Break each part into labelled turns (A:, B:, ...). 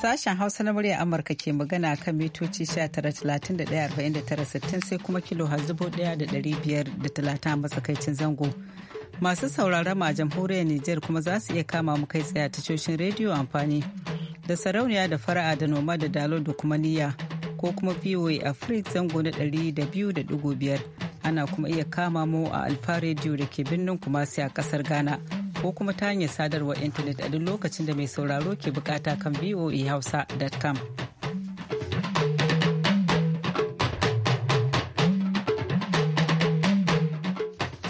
A: Sashen Hausa na murya Amurka ke magana kan mitoci 19,31,49,60 sai kuma kilo hazubo 1,530 matsakaicin zango. Masu sauraron ma jamhuriyar Nijar kuma za su iya kama mu kai tsaye tashoshin rediyo amfani da sarauniya da fara'a da noma da dalo da kuma niyya ko kuma VOA Africa zango na 200.5 ana kuma iya kama mu a Alfa rediyo da ke birnin Kumasi a kasar Ghana. ko kuma ta hanyar sadarwar intanet a duk lokacin da mai sauraro ke bukata kan voahausa.com.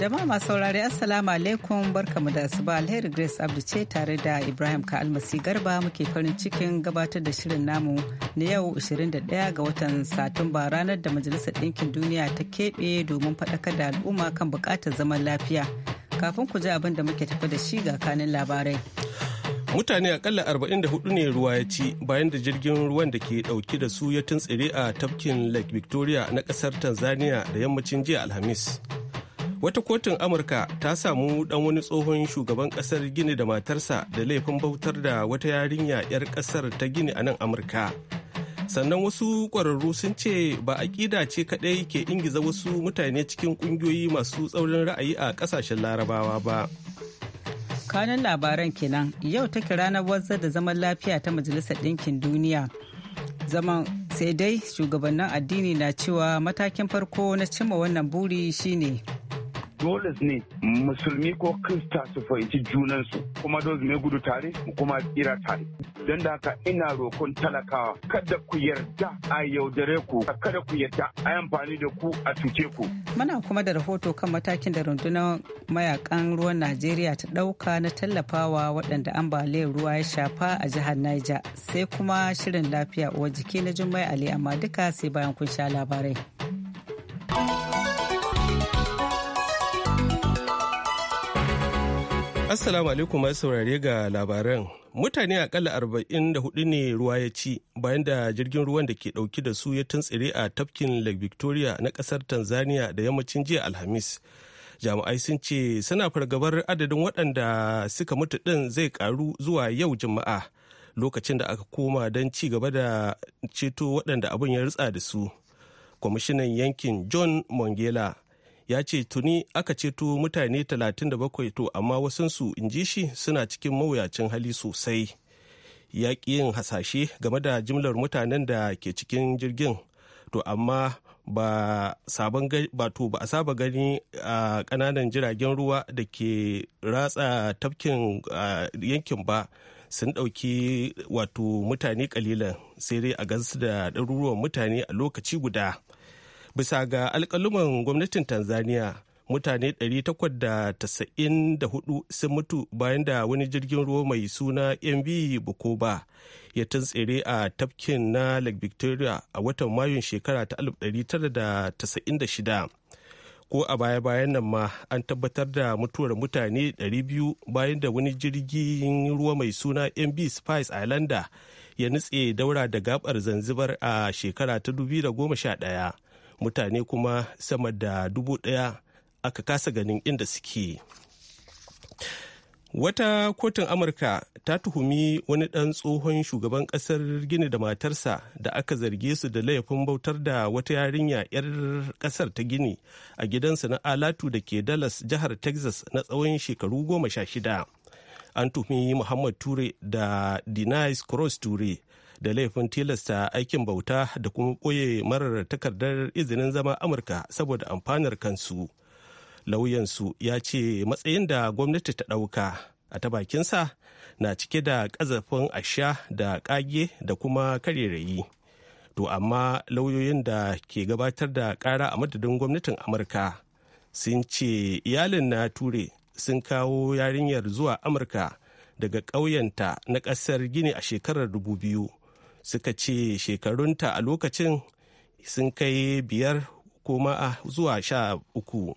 A: jama'a masu saurari assalamu alaikum barkamu da asuba alheri grace abdu ce tare da ibrahim ka almasi garba muke farin cikin gabatar da shirin namu na yau 21 ga watan satumba ranar da majalisar ɗinkin duniya ta keɓe domin faɗakar da al'umma kan buƙatar zaman lafiya kafin ku ji abin da muke tafi da shi ga kanin labarai.
B: Mutane akalla 44 ne ruwa ya ci bayan da jirgin ruwan da ke dauki da su ya tuntsire a tafkin Lake Victoria na kasar Tanzania da yammacin jiya Alhamis. Wata kotun Amurka ta samu dan wani tsohon shugaban kasar Gini da matarsa da laifin bautar da wata yarinya 'yar kasar ta Gini a nan Amurka. sannan wasu ƙwararru sun ce ba aƙida ce kaɗai ke ingiza wasu mutane cikin ƙungiyoyi masu tsaurin ra'ayi a ƙasashen larabawa ba
A: kanun labaran kenan yau take ranar wanzar da zaman lafiya ta majalisar ɗinkin duniya zaman sai dai shugabannin addini na cewa matakin farko na cimma wannan buri
C: shine dole ne musulmi ko krista su fahimci junansu kuma dole ne gudu tare mu kuma tsira tare don da haka ina rokon talakawa kada ku yarda a yaudare ku kada ku yarda a amfani da ku a tuke ku
A: muna kuma da rahoto kan matakin da rundunar mayakan ruwan najeriya ta dauka na tallafawa waɗanda ambaliyar ruwa ya shafa a jihar niger sai kuma shirin lafiya uwar jiki na jummai ali amma duka sai bayan kun sha labarai
B: Assalamu alaikum masu saurare ga labaran. Mutane akalla arba'in da hudu ne ruwa ya ci bayan da jirgin ruwan da ke dauki da su ya tuntsire a tafkin Lake Victoria na kasar Tanzania da yammacin jiya Alhamis. Jami'ai sun ce suna fargabar adadin waɗanda suka mutu ɗin zai karu zuwa yau Juma'a lokacin da aka koma don ci gaba da ceto waɗanda abin ya rutsa da su. Kwamishinan yankin John Mongela ya ce tuni aka ceto mutane 37 to amma wasansu in ji shi suna cikin mawuyacin hali sosai yaƙi yin hasashe game da jimlar mutanen da ke cikin jirgin to amma ba a saba gani a ƙananan jiragen ruwa da ke ratsa tafkin yankin ba sun ɗauki wato mutane kalilan sai dai a gansu da ɗaruruwan mutane a lokaci guda bisa ga alkaluman gwamnatin tanzania mutane 894 sun mutu bayan da wani jirgin ruwa mai suna mv bukoba ya tantsere a tafkin na lake victoria a watan mayun shekara ta 1996 ko a baya-bayan nan ma an tabbatar da mutuwar mutane 200 bayan da wani jirgin ruwa mai suna mv spice islander ya nutse daura da gabar zanzibar a shekara ta 2011 mutane kuma sama da dubu ɗaya aka kasa ganin inda suke wata kotun amurka ta tuhumi wani ɗan tsohon shugaban ƙasar gini da matarsa da aka zarge su da laifin bautar da wata yarinya 'yar ƙasar ta gini a gidansa na alatu da ke dallas jihar texas na tsawon shekaru goma sha shida an tuhumi muhammad ture da denise cross ture da laifin tilasta aikin bauta da kuma ɓoye marar takardar izinin zama amurka saboda amfanar kansu lauyansu ya ce matsayin da gwamnati ta ɗauka a ta bakinsa na cike da ƙazafin asha da ƙage da kuma karerayi to amma lauyoyin da ke gabatar da ƙara a madadin gwamnatin amurka sun ce iyalin na ture sun kawo yarinyar zuwa amurka daga ƙauyenta na ƙasar gini a shekarar 2000 suka ce shekarunta a lokacin sun kai biyar koma a ah, zuwa sha uku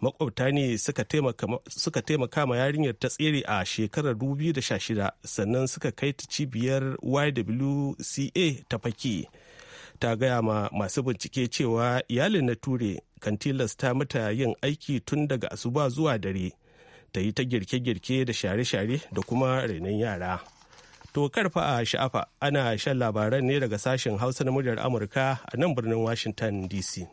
B: makwabta ne suka taimaka ma yarinyar ta tsere a shekarar 2016 sannan suka kai ta cibiyar ywca ta faki ta gaya ma masu bincike cewa iyalin na ture kan tilasta mata yin aiki tun daga asuba zuwa dare ta yi ta girke-girke da share-share da kuma renon yara. To karfa a sha'afa ana shan labaran ne daga sashen Hausa na muryar Amurka a nan birnin Washington DC.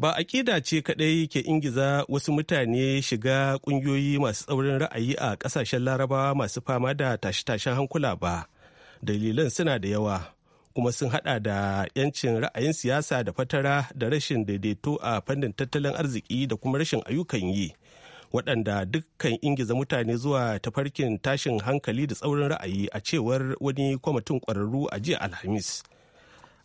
B: ba aƙida ce kaɗai ke ingiza wasu mutane shiga ƙungiyoyi masu tsaurin ra'ayi a ƙasashen larabawa masu fama da tashe-tashen hankula ba dalilan suna da yawa kuma sun hada da 'yancin ra'ayin siyasa da fatara da rashin daidaito a fannin tattalin arziki da kuma rashin ayyukan yi waɗanda dukkan ingiza mutane zuwa tafarkin tashin hankali da tsaurin ra'ayi a cewar wani kwamitin ƙwararru a jiya alhamis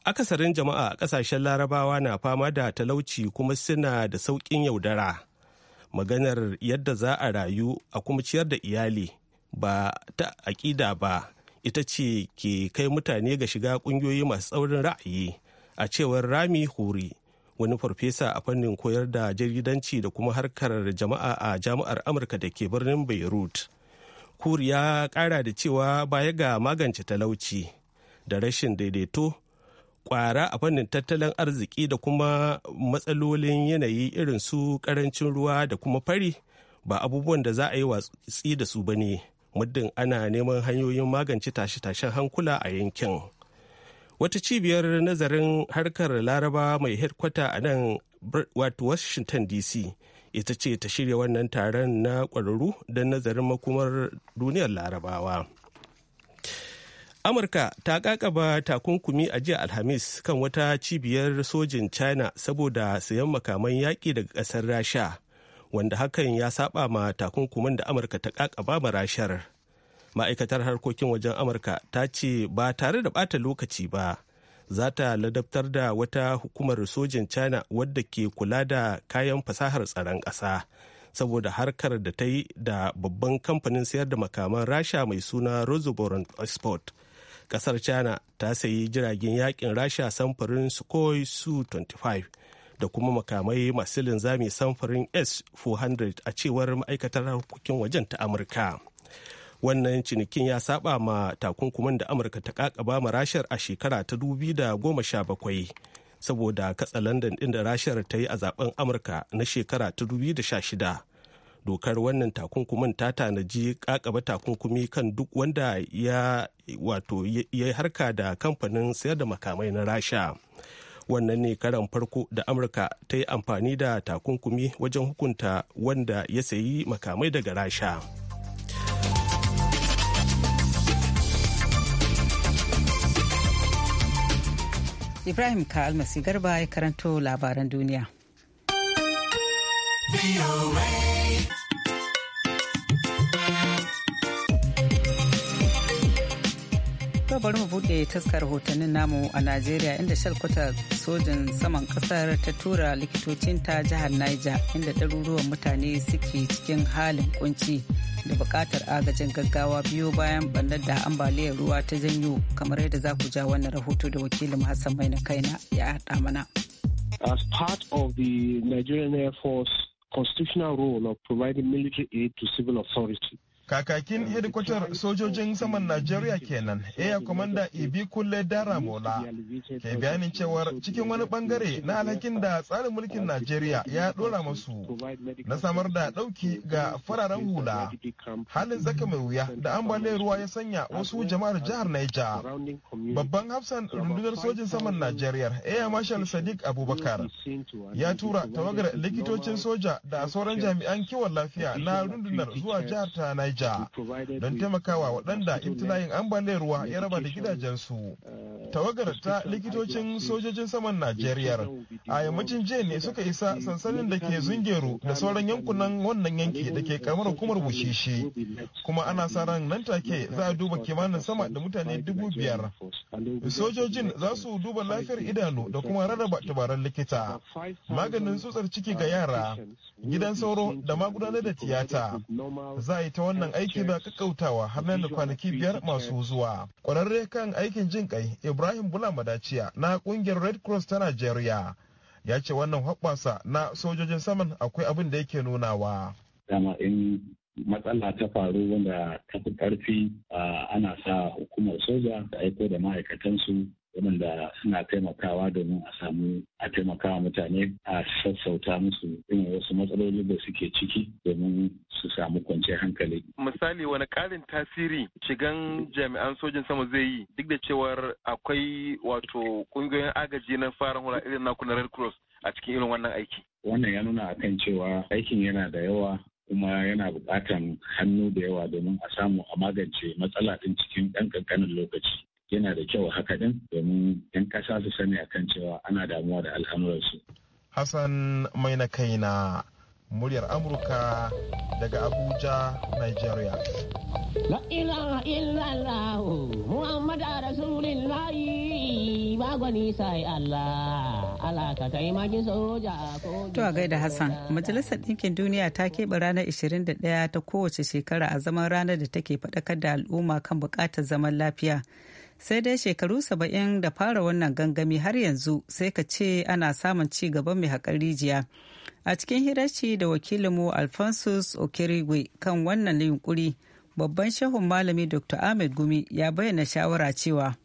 B: akasarin jama'a a ƙasashen larabawa na fama da talauci kuma suna da sauƙin yaudara maganar yadda za a rayu a kuma ciyar da iyali ba ta aƙida ba ita ce ke kai mutane ga shiga kungiyoyi masu tsaurin ra'ayi a cewar rami huri wani farfesa a fannin koyar da jaridanci da kuma harkar jama'a a jami'ar amurka da ke birnin beirut kur ya kara da cewa baya ga magance talauci da rashin daidaito kwara a fannin tattalin arziki da kuma matsalolin yanayi irin su karancin ruwa da kuma fari ba abubuwan da za a yi watsi da su ba ne muddin ana neman hanyoyin magance tashe-tashen hankula a yankin wata cibiyar nazarin harkar laraba mai headkwata a nan wato washington dc ita ce ta shirya wannan taron na kwararru don nazarin makumar duniyar larabawa amurka ta kakaba takunkumi a jiya alhamis kan wata cibiyar sojin china saboda sayan makaman yaƙi daga ƙasar rasha wanda hakan ya saba ma takunkumin da amurka ta kakaba rashar ma'aikatar harkokin wajen amurka ta ce ba tare da bata lokaci ba za ta ladabtar da wata hukumar sojin china wadda ke kula da kayan fasahar tsaron ƙasa saboda harkar da ta yi da babban kamfanin sayar da makaman rasha mai suna rosenborn export kasar china ta sayi jiragen yakin rasha samfurin sukhoi su 25 da kuma makamai masu linzami samfurin S-400 a cewar ma'aikatar harkokin wajen ta Amurka. Wannan cinikin ya saba ma takunkuman da Amurka ta kakaba ma rashar a shekara ta bakwai saboda katsa London ɗin da rashar ta yi a zaben Amurka na shekara ta 2016. dokar wannan takunkumin ta tanaji kakaba takunkumi kan duk wanda ya wato ya harka da kamfanin sayar da makamai na rasha wannan ne karan farko da amurka ta yi amfani da takunkumi wajen hukunta wanda ya sayi makamai daga rasha
A: ibrahim ka almasi garba ya karanto labaran duniya ka bari mu buɗe taskar hotunan namu a najeriya inda shalkwata sojin saman ƙasar ta tura likitocin ta jihar niger inda ɗaruruwan mutane suke cikin halin kunci da buƙatar agajin gaggawa biyo bayan ɓannar da ambaliyar ruwa ta janyo kamar yadda za ku ja wannan rahoto da wakilin hassan mai na kaina ya haɗa mana
D: As part of the Nigerian Air Force constitutional role of providing military aid to civil authority,
E: Kakakin hedikwatar sojojin saman Najeriya kenan, Air Commander Ibi Kulle Daramola, ke bayanin cewar cikin wani bangare na alhakin da tsarin mulkin Najeriya ya dora masu na samar da ɗauki ga fararen hula. Halin zaka mai wuya da ambaliyar ruwa ya sanya wasu jama'ar jihar Niger. Babban hafsan rundunar sojin saman Najeriya, Air Marshal Sadiq Abubakar,
F: ya tura tawagar
E: likitocin soja da sauran jami'an kiwon lafiya na rundunar zuwa jihar ta Niger. Neja
D: don taimakawa waɗanda ibtila'in ambaliyar ruwa ya raba da
E: gidajensu. Tawagar ta likitocin sojojin saman Najeriya a yammacin jiya ne suka isa sansanin da ke Zungeru da sauran yankunan wannan yanki da ke kamar hukumar Bushishi. Kuma ana sa ran nan take za a duba kimanin sama da mutane dubu biyar. Sojojin za su duba lafiyar idanu da kuma rarraba tabaran likita. Maganin tsutsar ciki ga yara, gidan sauro da magudanar da tiyata. Za a yi ta wannan wannan aiki ba kakkautawa har na da kwanaki biyar masu zuwa. Kwararre kan aikin jin kai Ibrahim Bula Madaciya na kungiyar Red Cross ta Najeriya ya ce wannan hoɓɓasa na sojojin saman akwai abin da yake nunawa.
F: Dama in matsala ta faru wanda ta fi ƙarfi ana sa hukumar soja da aiko da ma'aikatansu waɗanda suna taimakawa domin a samu a taimakawa mutane a sassauta musu irin wasu matsaloli da suke ciki domin su samu kwanciyar hankali.
E: Misali wani ƙarin tasiri shigan jami'an sojin sama zai yi duk da cewar akwai wato ƙungiyoyin agaji na fara hula irin naku na Red Cross a cikin irin wannan aiki.
F: Wannan ya nuna akan cewa aikin yana da yawa kuma yana buƙatan hannu da yawa domin a samu a magance matsala ɗin cikin ɗan ƙanƙanin lokaci. yana da kyau haka din domin 'yan ƙasa su sani akan cewa ana damuwa da al'amuransu.
E: Hassan mai na kaina muryar Amurka daga Abuja, Nigeria.
G: La ilaha illallah Muhammad Rasulullah
A: ba gwani sai Allah Allah ka soja To a gaida Hassan Majalisar Ɗinkin Duniya ta keɓe ranar 21 ta kowace shekara a zaman ranar da take faɗakar da al'umma kan buƙatar zaman lafiya. sai dai shekaru saba'in da fara wannan gangami har yanzu sai ka ce ana samun ci gaba mai haƙar rijiya a cikin hirarci da wakilinmu alphonsus okirigwe kan wannan yunkuri babban shehun malami dr ahmed gumi ya bayyana shawara cewa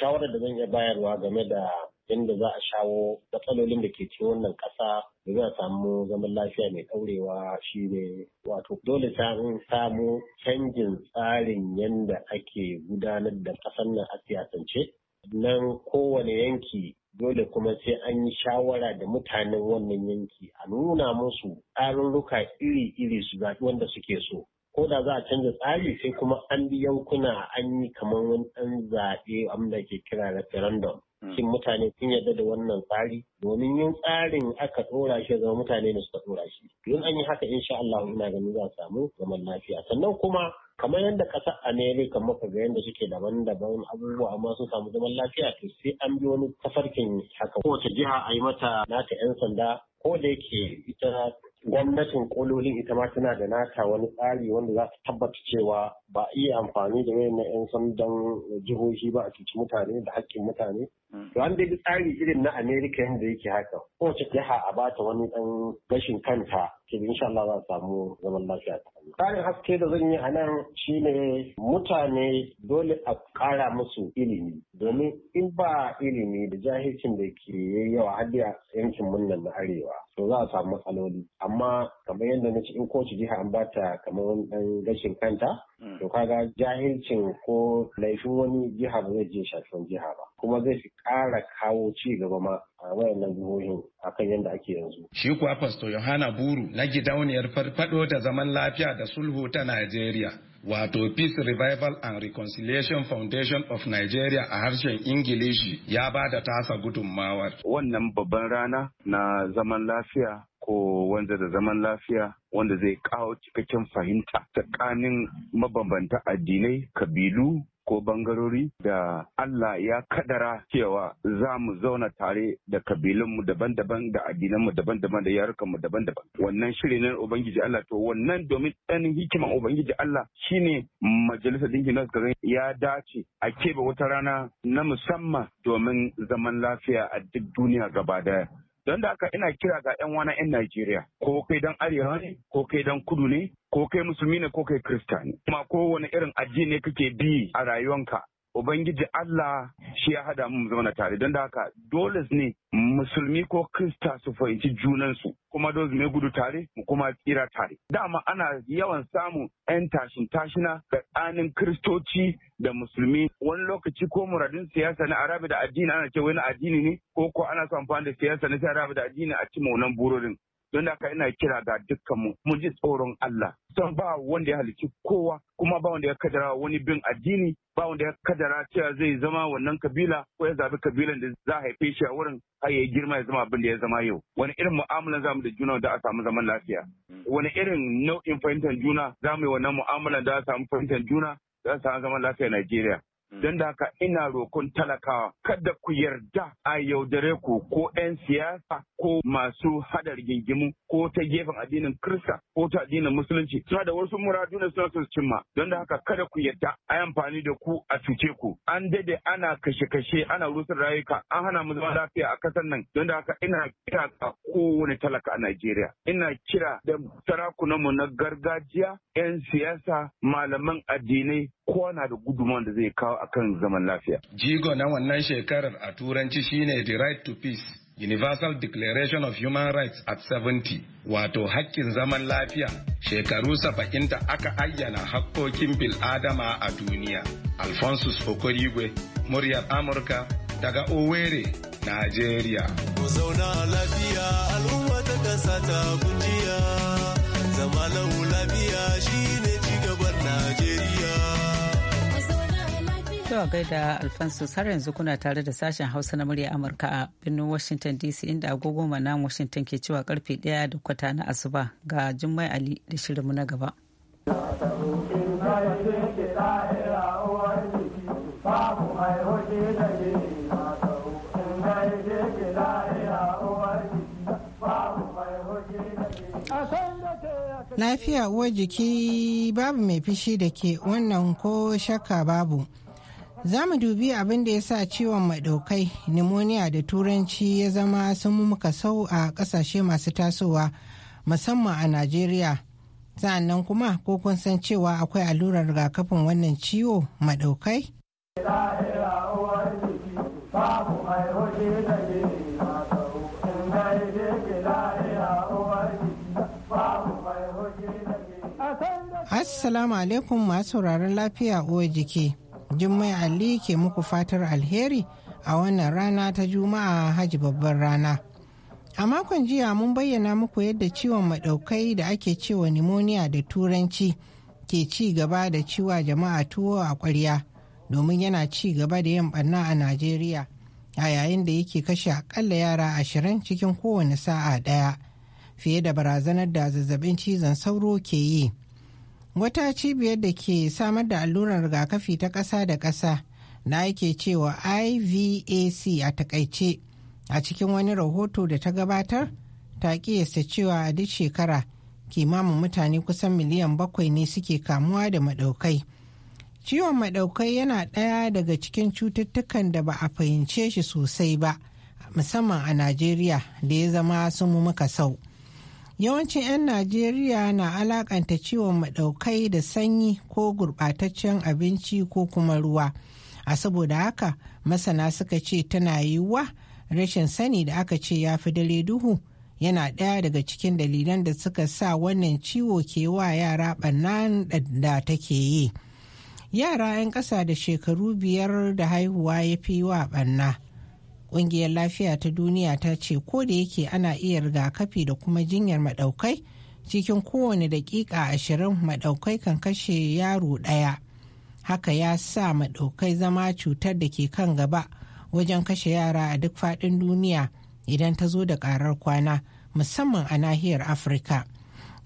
D: shawarar da zan iya bayarwa game da Yanda za a shawo matsalolin da ke cikin wannan ƙasa da za a samu zaman lafiya mai ɗaurewa shi ne wato dole ta samu canjin tsarin yadda ake gudanar da ƙasar nan a siyasance nan kowane yanki dole kuma sai an yi shawara da mutanen wannan yanki a nuna musu tsarurruka iri-iri su zaɓi wanda suke so ko da za a canza tsari sai kuma an bi yankuna an yi kamar wani ɗan zaɓe wanda ke kira referendum Mm. shin mutane sun yarda da wannan tsari domin yin tsarin aka ɗora shi zama mutane da suka ɗora shi yin an yi haka insha Allah ina ganin za a samu zaman lafiya sannan kuma kamar yadda ƙasar Amerika maka ga yadda suke daban-daban abubuwa amma sun samu zaman lafiya to sai an bi wani tafarkin haka Ko ta jiha a yi mata nata 'yan sanda ko da yake ita gwamnatin kololin ita ma tana da nata wani tsari wanda za su tabbata cewa ba a iya amfani da wayan yan sandan jihohi ba a cuci mutane da haƙƙin mutane To an tsari irin na Amerika yadda yake haka. Kowace jiha a bata wani ɗan gashin kanta ke insha Allah za a samu zaman lafiya. ta. Tsarin haske da zan yi a nan shine mutane dole a ƙara musu ilimi domin in ba ilimi da jahilcin da ke yawa har da yankin munnan na arewa to za a samu matsaloli amma kamar yadda na ce in kowace jiha an bata kamar wani ɗan gashin kanta Mm. to kaga jahilcin ko laifin wani jiha ba zai je shafin jiha ba kuma zai fi ƙara kawo ci gaba ma a wayannan jihohin akan yadda ake yanzu. Shi
C: kuwa Fasto Yohana Buru na gidauniyar farfado da zaman lafiya da sulhu ta Najeriya. wato Peace Revival and Reconciliation Foundation of Nigeria a harshen Ingilishi ya ba da tasa gudunmawar. Wannan babban rana na zaman lafiya ko wanda da zaman lafiya wanda zai kawo cikakken fahimta tsakanin mabambanta addinai, kabilu, ko bangarori da Allah ya kadara cewa za mu zauna tare da kabilunmu daban-daban da addinanmu daban-daban da yarukanmu daban-daban. Wannan shiri ne Ubangiji Allah to wannan domin ɗan hikiman Ubangiji Allah shine Majalisa dinkin na kaga ya dace a keɓe wata rana na musamman domin zaman lafiya a duk duniya gaba daya. Don da haka ina kira ga 'yan wana 'yan Najeriya, ko kai dan arewa ne, ko kai dan kudu ne, ko kai musulmi ne ko kai Kirista ne. Kuma kowane irin addini kake bi a rayuwanka, Ubangiji Allah shi ya hada mu zauna tare don da haka dole ne musulmi ko krista su fahimci junansu kuma dole ne gudu tare mu kuma tsira tare. Dama ana yawan samun 'yan tashin tashina ga tsanin kristoci da musulmi wani lokaci ko muradin siyasa na arabi da addini ana ce wani addini ne ko ko ana so amfani da siyasa na arabi da addini a ci maunan burorin. don haka ina kira ga dukkanmu mu ji tsoron Allah san ba wanda ya halici kowa kuma ba wanda ya kadara wani bin addini ba wanda ya kadara cewa zai zama wannan kabila ko ya zabi kabilan da za a haife shi a wurin har ya girma ya zama abin da ya zama yau wani irin mu'amalan mu da juna da a samu zaman lafiya wani irin nau'in fahimtar juna za mu yi wannan mu'amalan da a samu fahimtar juna da a samu zaman lafiya Najeriya Mm. Don da haka ina rokon talakawa kada ku yarda a yaudare ku ko 'yan siyasa ko masu hada rigingimu ko ta gefen addinin Kirista ko ta addinin Musulunci suna da wasu muradu na suna su cimma. Don da haka kada ku yarda a yi amfani da ku a cuce ku. An dade ana kashe-kashe ana rusar rayuka an hana mu zama lafiya a kasar nan. Don da haka ina kira ga kowane talaka a Najeriya. Ina kira da sarakunanmu na gargajiya, 'yan siyasa, malaman addinai kowa na da guduman da zai kawo akan zaman lafiya.
B: Jigo na wannan
C: shekarar a turanci shine The Right to Peace. Universal Declaration of Human Rights at 70 wato hakkin zaman lafiya shekaru saba'in da aka ayyana hakkokin bil'adama a duniya. Alphonsus Okorigwe, muryar Amurka daga Owerri, Najeriya.
B: Ku zauna lafiya al'umma ta ta zama lafiya shine
A: gai gaida Alfonso har yanzu kuna tare da sashen Hausa na murya Amurka a birnin Washington DC inda agogo na Washington ke cewa karfe ɗaya da kwata na asuba ga Jummai Ali da shirinmu na gaba.
G: Lafiya uwar jiki babu mai fishi da ke wannan ko shakka babu. Za mu dubi abin da ya sa ciwon mai ɗaukai, nimoniya da turanci ya zama sun muka sau a ƙasashe masu tasowa, musamman a Najeriya. Sa'annan kuma ko kun san cewa akwai allurar rigakafin wannan ciwo maɗaukai? Assalamu alaikum masu sauraron lafiya uwar jiki. Jummai Ali ke muku fatar alheri a wannan rana ta Juma'a Hajji babban rana. A makon jiya mun bayyana muku yadda ciwon maɗaukai da ake cewa nimoniya da turanci ke ci gaba da ciwa jama'a tuwo a ƙwarya domin yana ci gaba da yin ɓanna a Najeriya a yayin da yake kashe akalla yara ashirin cikin kowane sa'a ɗaya fiye da barazanar da zazzabin cizon sauro ke yi. wata cibiyar da ke samar da allurar rigakafi ta ƙasa da ƙasa na yake cewa ivac a takaice a cikin wani rahoto da ta gabatar ta kiyasta cewa a duk shekara kimanin mutane kusan miliyan bakwai ne suke kamuwa da maɗaukai. ciwon maɗaukai yana ɗaya daga cikin cututtukan da ba a fahimce shi sosai ba musamman a najeriya da ya zama sun muka sau Yawancin 'yan Najeriya na alakanta ciwon maɗaukai da sanyi ko gurɓataccen abinci ko kuma ruwa. A saboda haka masana suka ce tana yiwuwa rashin sani da aka ce ya fi dare duhu yana ɗaya daga cikin dalilan da suka sa wannan ciwo ke wa yara ɓannan da take yi. Yara 'yan ƙasa da shekaru biyar da haihuwa ya fi wa ɓanna. Ƙungiyar lafiya ta duniya ta ce ko da yake ana iya rigakafi da kuma jinyar maɗaukai cikin kowane daƙiƙa ashirin maɗaukai kan kashe yaro ɗaya. Haka ya sa maɗaukai zama cutar da ke kan gaba wajen kashe yara a duk faɗin duniya idan ta zo da ƙarar kwana musamman a nahiyar Afirka.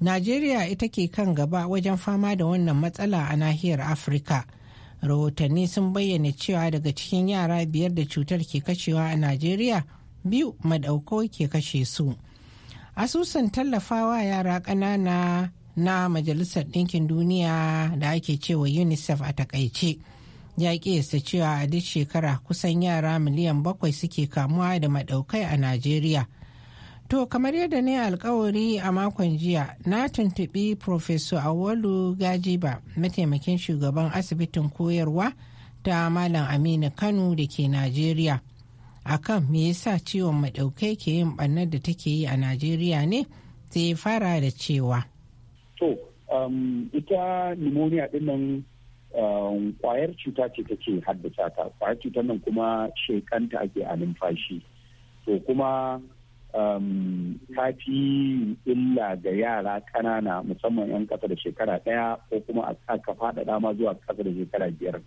G: Najeriya ita ke kan gaba wajen fama da wannan matsala a nahiyar Afirka. rahotanni sun bayyana cewa daga cikin yara biyar da cutar ke kashewa a najeriya biyu madaukau ke kashe su asusun tallafawa yara ƙanana na majalisar ɗinkin duniya da ake cewa unicef a takaice ya kiyasta cewa a duk shekara kusan yara miliyan bakwai suke kamuwa da madaukai a najeriya To kamar yadda ne alkawari a makon jiya na tuntubi Professor Awolu Gajiba mataimakin shugaban asibitin koyarwa ta Malam Aminu Kano da ke Najeriya akan me yasa ciwon maɗaukai ke yin ɓannar da take yi a Najeriya ne sai fara da cewa.
F: To, um, ita pneumonia ɗinnan kwayar um, cuta ce take haddasa ta, kwayar cutar nan kuma shekanta ake a numfashi. To kuma Um, ta fi illa ga yara kanana musamman 'yan kasa da shekara ɗaya ko kuma a sa ka faɗaɗa ma zuwa kasa da shekara biyar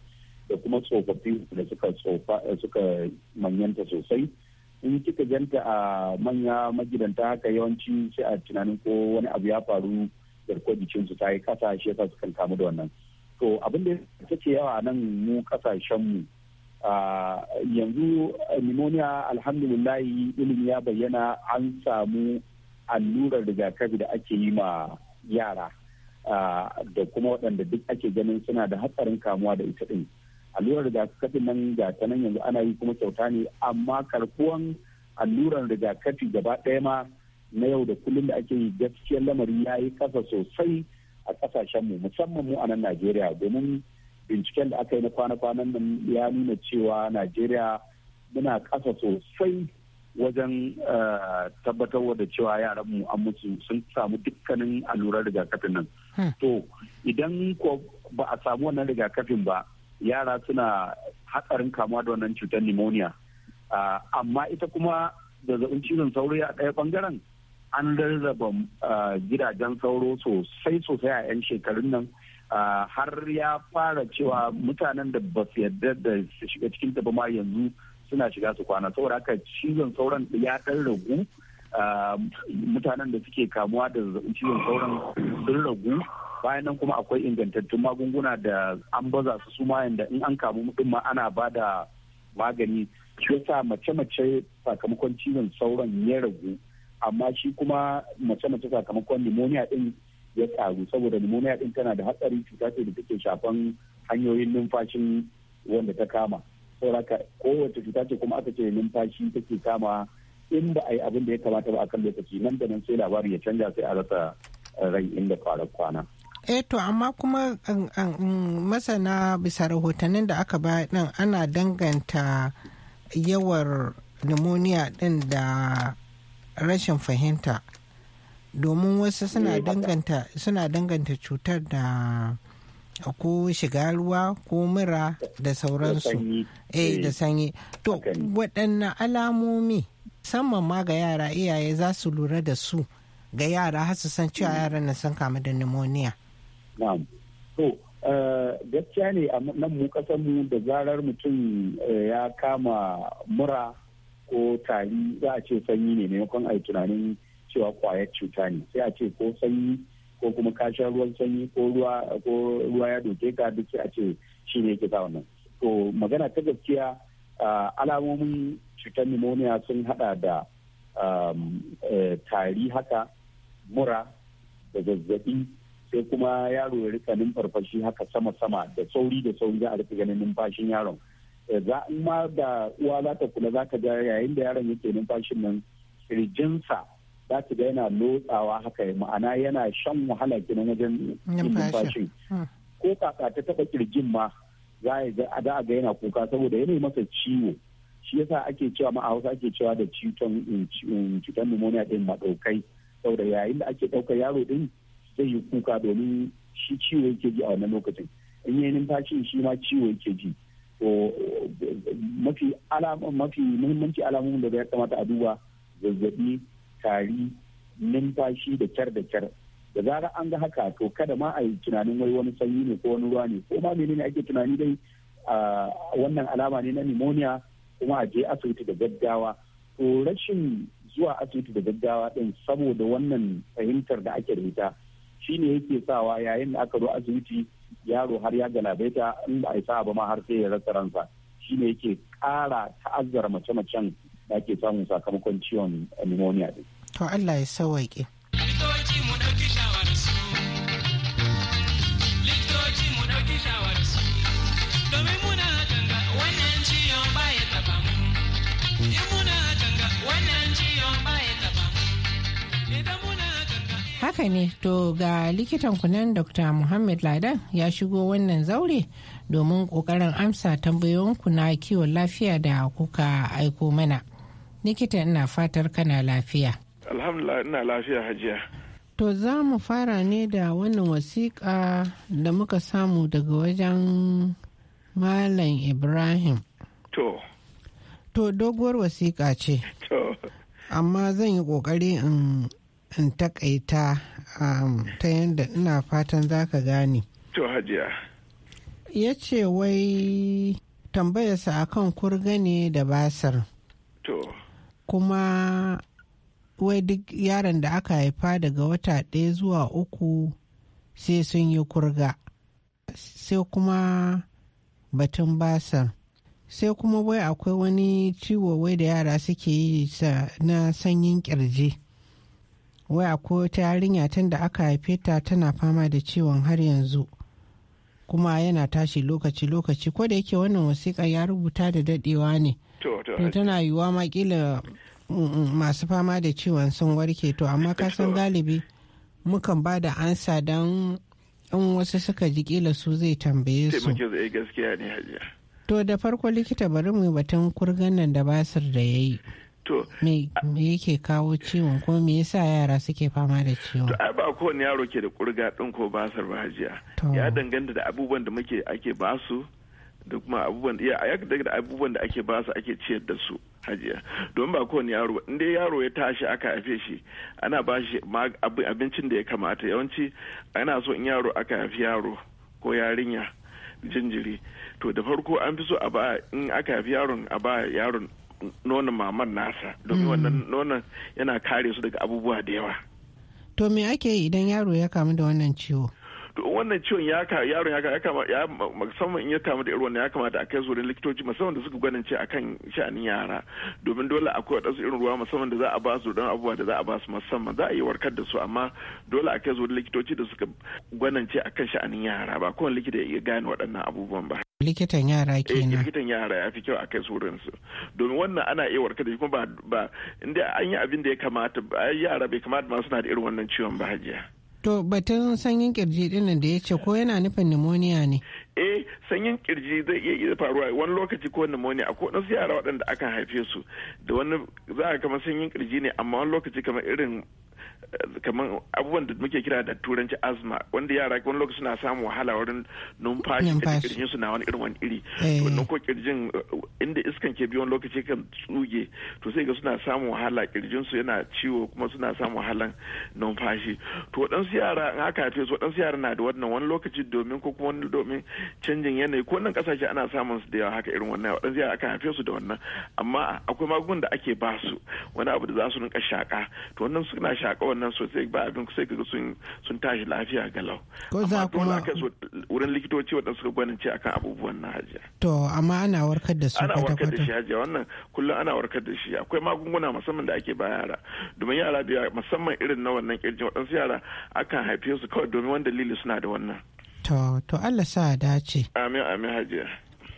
F: da kuma tsofaffi da suka suka manyanta sosai in kika janta a manya magidanta haka yawanci sai a tunanin ko wani abu ya faru garko jikinsu ta yi ƙasa shi yasa sukan kamu da wannan to abin da ta ce yawa nan mu mu. yanzu pneumonia alhamdulillahi ilimi ya bayyana an samu allurar rigakafi da ake yi ma yara da kuma waɗanda duk ake ganin suna da hatsarin kamuwa da ita ɗin allurar rigakafi nan ga ta nan yanzu ana yi kuma kyauta ne amma karkuwan allurar rigakafi gaba ɗaya ma na yau da kullum da ake yi gaskiyar lamari ya yi ƙasa sosai a mu musamman mu a nan najeriya domin binciken da aka yi na kwana-kwanan nan ya nuna cewa najeriya muna kasa sosai wajen eh, tabbatar da cewa yaran mu an mutu sun samu dukkanin allurar rigakafin nan hmm. to idan ko ba a samu wannan rigakafin ba yara suna hatsarin kamuwa da wannan cutar pneumonia ah, amma ita kuma zazzabin cizon sauro a ɗaya bangaren an rarraba ah, gidajen sauro sosai sosai a 'yan shekarun nan har ya fara cewa mutanen da ba su yarda da su shiga cikin ta ba yanzu suna shiga su kwana saboda haka cizon sauran ya dan ragu mutanen da suke kamuwa da zazzabin cizon sauran sun ragu bayan nan kuma akwai ingantattun magunguna da an baza su su ma yanda in an kamu mutum ma ana ba da magani shi yasa mace-mace sakamakon cizon sauran ya ragu amma shi kuma mace-mace sakamakon pneumonia din ya karu saboda pneumonia din tana da hatsari cuta ce da take shafan hanyoyin numfashin wanda ta kama saboda kowace cuta ce kuma aka ce numfashi take kama in ba a yi abin da ya kamata ba akan lokaci nan da nan sai labari ya canja sai a rasa rai inda fara kwana.
G: eh to amma kuma um, um, masana bisa rahotannin da aka ba din ana danganta yawar pneumonia din da rashin fahimta domin wasu suna eh, danganta suna danganta cutar da ko shiga ruwa ko mura da sauransu eh, eh da sanyi to waɗannan alamomi musamman ma ga yara iyaye za su lura da su ga yara har su san cewa mm. yaran na san kama da pneumonia
F: na'am to eh, gaskiya ne a nan mu kasan mu da zarar mutum ya kama mura ko tari za a ce sanyi ne maimakon a tunanin cewa kwayar cuta ne sai a ce ko sanyi ko kuma ka ruwan sanyi ko ruwa ya doke ka duk sai a ce shi ne ke kawo wannan to magana ta gaskiya alamomin cutar pneumonia sun hada da e, tari haka mura da zazzabi sai kuma yaro ya rika numfarfashi haka sama-sama da sauri da sauri za a rika ganin numfashin yaron e, za ma da uwa za ta kula za ta ga yayin da yaron yake numfashin nan kirjinsa za ki ga yana lotsawa haka ma'ana yana shan wahala kenan wajen numfashin hmm. ko kaka ta taba kirgin ma za a ga ga yana kuka saboda yanayi masa ciwo shi yasa ake cewa ma a hausa ake cewa da cutan eh, eh, cutan pneumonia din madaukai saboda yayin da ake ɗaukar yaro din zai yi kuka domin shi ciwo yake ji a wannan lokacin in yi numfashin shi ma ciwo yake ji to mafi mafi muhimmanci alamomin da ya kamata a duba zazzabi tari numfashi da kyar da kyar da zara an ga haka to kada ma a yi tunanin wai wani sanyi ne ko wani ruwa ne ko ma menene ake tunani dai wannan alama ne na pneumonia kuma a je asibiti da gaggawa ko rashin zuwa asibiti da gaggawa din saboda wannan fahimtar da ake da shi shine yake sawa yayin da aka zo asibiti yaro har ya galabaita in ba a yi sa'a ba ma har sai ya rasa ransa shine yake kara ta'azzara mace-macen da ake samun sakamakon ciwon pneumonia din.
G: To Allah ya sawaike. Haka ne, to ga likitan kunan Dr. Muhammad Ladan ya shigo wannan zaure domin kokarin amsa tambayoyinku na kiwon lafiya da kuka aiko mana. likita ina fatar kana lafiya
H: alhamdulillah ina lafiya hajiya
G: to za mu fara ne da wannan wasiƙa da muka samu daga wajen malam ibrahim to to doguwar wasiƙa ce amma zan yi ƙoƙari in taƙaita um, ta yadda ina fatan za ka gane to hajiya ya ce wai tambayarsa akan kurga ne da basar kuma wai duk yaron da aka haifa daga wata ɗaya zuwa uku sai sun yi kurga sai kuma batun basar sai kuma wai akwai wani ciwo wai da yara suke yi na sanyin kirji wai akwai wata yarinya tun da aka haife ta tana fama da ciwon har yanzu kuma yana tashi lokaci-lokaci ko da yake wannan wasiƙa ya rubuta da daɗewa ne to tana yiwuwa ma mm, mm, masu fama da ciwon sun warke to amma ka san galibi mukan ba da ansa don in wasu suka ji kila su zai tambaye su
H: eh,
G: to da farko likita bari mu batun kurgan nan da basir da ya yi to me yake kawo ciwon ko me yasa yara suke fama da ciwon to
H: ai ba kowane yaro ke da kurga din ko basar ba hajiya ya danganta da abubuwan da muke ake basu Duk ma abubuwan da ya da abubuwan da ake ba su ake ciyar da su hajiya don ba kowane yaro in dai yaro ya tashi aka haife shi ana ba shi abincin da ya kamata yawanci ana so in yaro aka haifi yaro ko yarinya jinjiri to da farko an fi so a ba in aka haifi yaron a ba yaron nonon maman nasa domin mm. wannan nonon yana kare su daga abubuwa da yawa
G: to me ake yi idan yaro ya kamu da wannan ciwo
H: wannan ciwon ya ka yaron ya ya kama ya musamman in ya kama da irin wannan ya kamata a kai zuwa likitoci musamman da suka ce akan sha'anin yara domin dole akwai wadansu irin ruwa musamman da za a ba su don abubuwa da za a ba su musamman za a yi warkar da su amma dole a kai zuwa likitoci da suka ce akan sha'anin yara ba kowane likita ya gane waɗannan abubuwan ba
G: likitan yara eh, kenan
H: likitan yara ya fi kyau a kai surin su domin wannan ana iya warkar da shi kuma ba inda an yi abin da ya kamata yara bai kamata ma suna da irin wannan ciwon ba hajiya
G: To batun sanyin kirji dinnan da ya ce ko yana nufin pneumonia ne?
H: Eh sanyin kirji zai iya iya faruwa wani lokaci ko pneumonia a wasu yara waɗanda aka haife su da wani za a kama sanyin kirji ne amma wani lokaci kamar irin kamar abubuwan da muke kira da turanci asma wanda yara wani lokaci suna samun wahala wurin numfashi da kirjin su na wani irin wani iri eh. wannan ko kirjin eh, inda iskan ke biyo wani lokaci kan tsuge to sai ga suna samun wahala kirjin su yana ciwo kuma suna samun wahalan numfashi to waɗansu yara in haka haife su waɗansu yara na da wannan wani lokaci domin ko kuma wani domin canjin yanayi ko nan kasashe ana samun su da yawa haka irin wannan waɗansu yara aka haife su da wannan amma akwai magungunan da ake ba su wani abu da za su rinka shaka to wannan suna shaka shaka wannan sosai ba abin sai ga sun tashi lafiya galau Ko za amma dole aka so wurin likitoci waɗanda suka ce akan abubuwan na hajiya
G: to amma ana warkar da su kwata kwata. ana warkar da shi
H: hajiya wannan kullum ana warkar da shi akwai magunguna musamman da ake ba yara domin yara da musamman irin na wannan kirji waɗansu yara akan haife su kawai domin wani dalili suna da wannan
G: to to Allah sa a dace
H: amin amin hajiya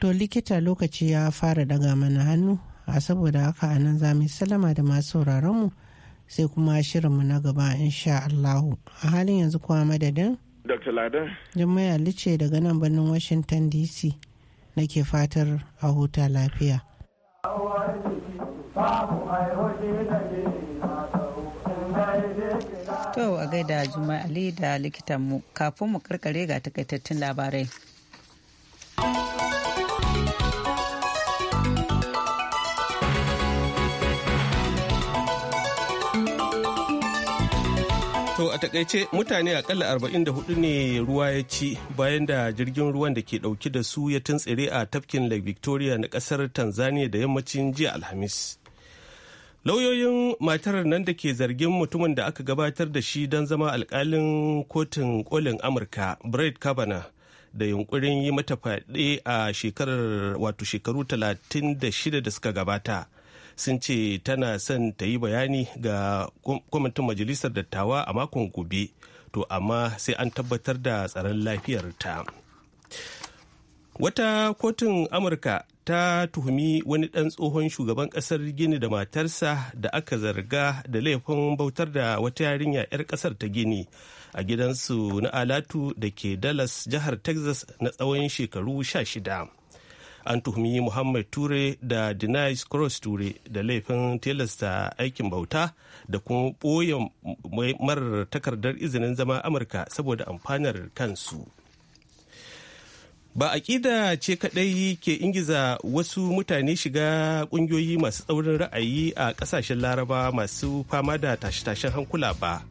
G: to likita lokaci ya fara daga mana hannu a saboda haka anan za mu salama da masu sauraron mu sai kuma shirinmu na gaba insha Allahu. A halin yanzu kuwa madadin?
H: Dr. Ladan.
G: Jummai Ali daga nan birnin Washington DC na ke fatar a huta lafiya.
A: To a gaida Jummai Ali da likitanmu kafin mu karkare ga takaitattun labarai.
B: To a takaice mutane akalla hudu ne ruwa ya ci bayan da jirgin ruwan da ke dauki da su ya tuntsire a tafkin Lake Victoria na kasar Tanzania da yammacin jiya Alhamis. Lauyoyin matar nan da ke zargin mutumin da aka gabatar da shi don zama alkalin kotun kolin Amurka, Brett Kavanaugh, da yunkurin yi mata fyaɗe a shekarar wato shekaru 36 da suka gabata. sun ce tana son ta yi bayani ga kwamitin majalisar dattawa a makon gobe to amma sai an tabbatar da tsaron lafiyar ta wata kotun amurka ta tuhumi wani ɗan tsohon shugaban ƙasar gini da matarsa da aka zarga da laifin bautar da wata yarinya 'yar ƙasar ta gini a gidansu na alatu da ke dallas jihar texas na tsawon shekaru sha shida. an tuhumi muhammad ture da denise cross ture da laifin tilasta aikin bauta da kuma ɓoye marar takardar izinin zama amurka saboda amfanar kansu ba aƙida ce kaɗai ke ingiza wasu mutane shiga ƙungiyoyi masu tsaurin ra'ayi a ƙasashen laraba masu fama da tashe-tashen hankula ba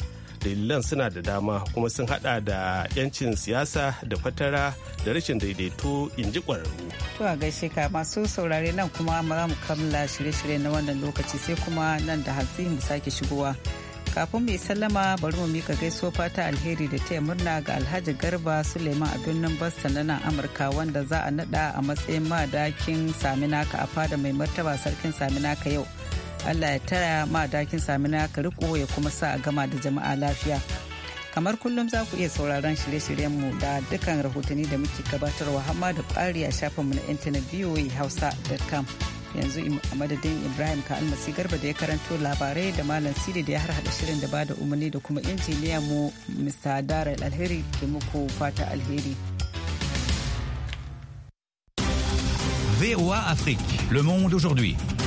B: dalilan suna da dama kuma sun hada da 'yancin siyasa da fatara da rashin daidaito in ji kwararru.
A: to a gaishe ka masu saurare nan kuma za mu kammala shirye-shirye na wannan lokaci sai kuma nan da hatsi mu sake shigowa kafin mai sallama bari mu mika gaisuwa fata alheri da taya murna ga alhaji garba suleiman a birnin boston na nan amurka wanda za a nada a matsayin madakin saminaka a fada mai martaba sarkin saminaka yau allah ya taya ma dakin sami samina ka riko ya kuma sa a gama da jama'a lafiya kamar kullum za ku iya sauraron shirye-shiryenmu da dukkan rahotanni da muke gabatarwa hamma da ƙwari a shafinmu na intanet voahausa.com yanzu a madadin ibrahim ka almasi garba da ya karanto labarai da malam sidi da ya harhaɗa shirin da bada umarni da kuma injiniya mu mr dara alheri ke muku fata alheri
D: VOA Afrique, le monde aujourd'hui.